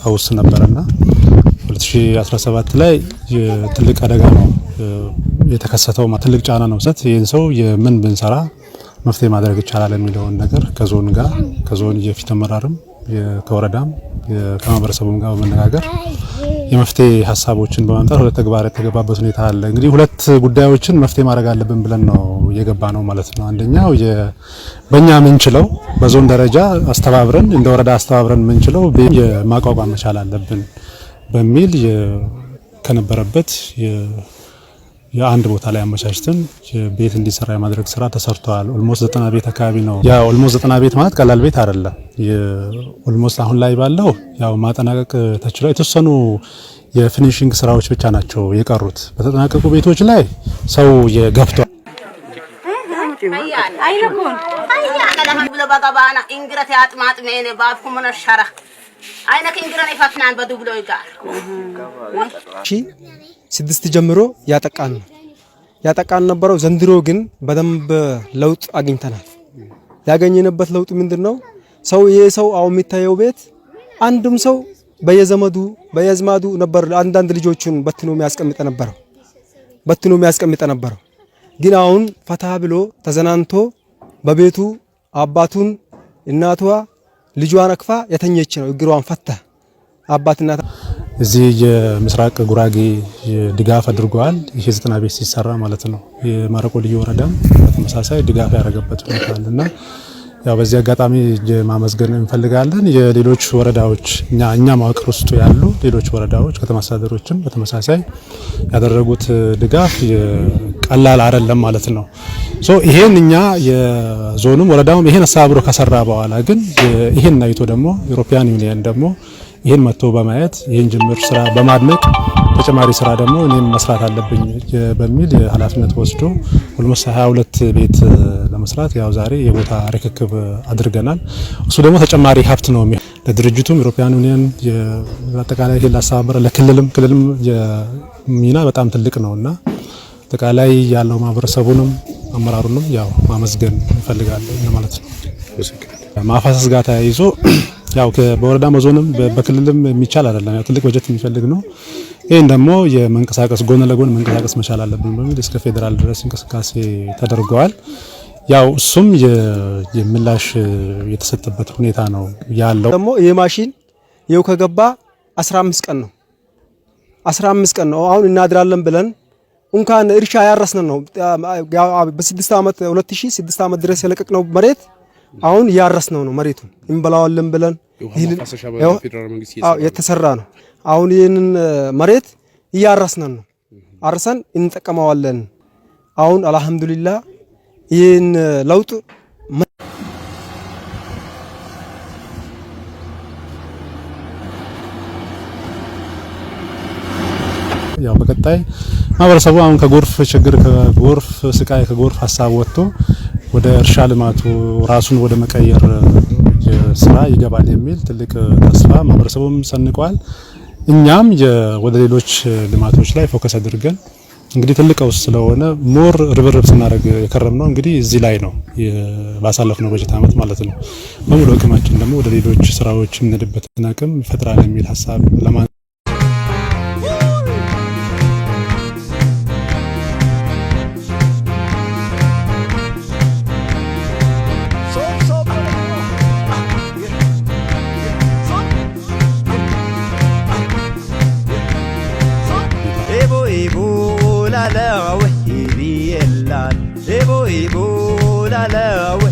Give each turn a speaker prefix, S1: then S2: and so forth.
S1: ቀውስ ነበረና 2017 ላይ ትልቅ አደጋ ነው የተከሰተው። ትልቅ ጫና ነው ሰት ይህን ሰው የምን ብንሰራ መፍትሄ ማድረግ ይቻላል የሚለውን ነገር ከዞን ጋር ከዞን የፊት አመራርም ከወረዳም ከማህበረሰቡም ጋር በመነጋገር የመፍትሄ ሀሳቦችን በማምጣት ሁለት ተግባር የተገባበት ሁኔታ አለ። እንግዲህ ሁለት ጉዳዮችን መፍትሄ ማድረግ አለብን ብለን ነው የገባ ነው ማለት ነው። አንደኛው በእኛ ምንችለው በዞን ደረጃ አስተባብረን እንደ ወረዳ አስተባብረን ምንችለው የማቋቋም መቻል አለብን በሚል ከነበረበት የአንድ ቦታ ላይ አመቻችተን ቤት እንዲሰራ የማድረግ ስራ ተሰርተዋል። ኦልሞስት ዘጠና ቤት አካባቢ ነው። ያ ኦልሞስት ዘጠና ቤት ማለት ቀላል ቤት አይደለም። ኦልሞስት አሁን ላይ ባለው ያው ማጠናቀቅ ተችሏል። የተወሰኑ የፊኒሽንግ ስራዎች ብቻ ናቸው የቀሩት። በተጠናቀቁ ቤቶች ላይ ሰው
S2: ሸራ ስድስት ጀምሮ ያጠቃን ነው ያጠቃን ነበረው። ዘንድሮ ግን በደንብ ለውጥ አግኝተናል። ያገኘንበት ለውጥ ምንድን ነው? ሰው ይሄ ሰው አሁን የሚታየው ቤት አንድም ሰው በየዘመዱ በየዝማዱ ነበር አንዳንድ ልጆቹን በትኖ የሚያስቀምጠ ነበረው በትኖ የሚያስቀምጠ ነበረው። ግን አሁን ፈታ ብሎ ተዘናንቶ በቤቱ አባቱን እናቷ ልጇን አቅፋ የተኘች ነው። እግሯን ፈታ አባትና
S1: እዚህ የምስራቅ ጉራጌ ድጋፍ አድርጓል። ይህ ዘጠና ቤት ሲሰራ ማለት ነው። የማረቆ ልዩ ወረዳም በተመሳሳይ ድጋፍ ያደረገበት ሁኔታ አለና ያው በዚህ አጋጣሚ ማመስገን እንፈልጋለን። የሌሎች ወረዳዎች እኛ እኛ መዋቅር ውስጥ ያሉ ሌሎች ወረዳዎች ከተማ አስተዳደሮችም በተመሳሳይ ያደረጉት ድጋፍ ቀላል አይደለም ማለት ነው። ሶ ይሄን እኛ የዞኑም ወረዳውም ይሄን አስተባብሮ ከሰራ በኋላ ግን ይሄን አይቶ ደግሞ ዩሮፒያን ዩኒየን ደግሞ ይሄን መጥቶ በማየት ይሄን ጅምር ስራ በማድነቅ ተጨማሪ ስራ ደግሞ እኔም መስራት አለብኝ በሚል ኃላፊነት ወስዶ ሁልሞስ 22 ቤት ለመስራት ያው ዛሬ የቦታ ርክክብ አድርገናል። እሱ ደግሞ ተጨማሪ ሀብት ነው የሚሆን ለድርጅቱም ዩሮፒያን ዩኒየን አጠቃላይ ይሄን ላስተባበረ ለክልልም ክልልም ሚና በጣም ትልቅ ነውና አጠቃላይ ያለው ማህበረሰቡንም አመራሩንም ያው ማመስገን እንፈልጋለን ማለት ነው። ማፋሰስ ጋር ተያይዞ ያው በወረዳ መዞንም በክልልም የሚቻል አይደለም። ያው ትልቅ በጀት የሚፈልግ ነው። ይህን ደግሞ የመንቀሳቀስ ጎን ለጎን መንቀሳቀስ መቻል አለብን በሚል እስከ ፌዴራል ድረስ እንቅስቃሴ ተደርገዋል። ያው እሱም የምላሽ የተሰጠበት ሁኔታ ነው ያለው።
S2: ደግሞ ይህ ማሽን ይኸው ከገባ 15 ቀን ነው 15 ቀን ነው አሁን እናድራለን ብለን እንኳን እርሻ ያረስን ነው። በስድስት ዓመት ሁለት ሺህ ስድስት ዓመት ድረስ የለቀቅነው መሬት አሁን ያረስነው ነው። መሬቱ እንበላዋለን ብለን የተሰራ ነው። አሁን ይህንን መሬት እያረስን ነው። አርሰን እንጠቀመዋለን። አሁን አልሐምዱሊላህ ይህን ለውጥ
S1: ያው በቀጣይ ማህበረሰቡ አሁን ከጎርፍ ችግር፣ ከጎርፍ ስቃይ፣ ከጎርፍ ሀሳብ ወጥቶ ወደ እርሻ ልማቱ ራሱን ወደ መቀየር ስራ ይገባል የሚል ትልቅ ተስፋ ማህበረሰቡም ሰንቋል። እኛም ወደ ሌሎች ልማቶች ላይ ፎከስ አድርገን እንግዲህ ትልቀው ስለሆነ ሞር ርብርብ ስናደርግ የከረም ነው። እንግዲህ እዚህ ላይ ነው ባሳለፍነው በጀት አመት ማለት ነው። በሙሉ አቅማችን ደግሞ ወደ ሌሎች ስራዎች የምንሄድበትን አቅም ይፈጥራል የሚል ሀሳብ ለማ ላለው ሂቢ የላል ሌቦ ይቦ ላለው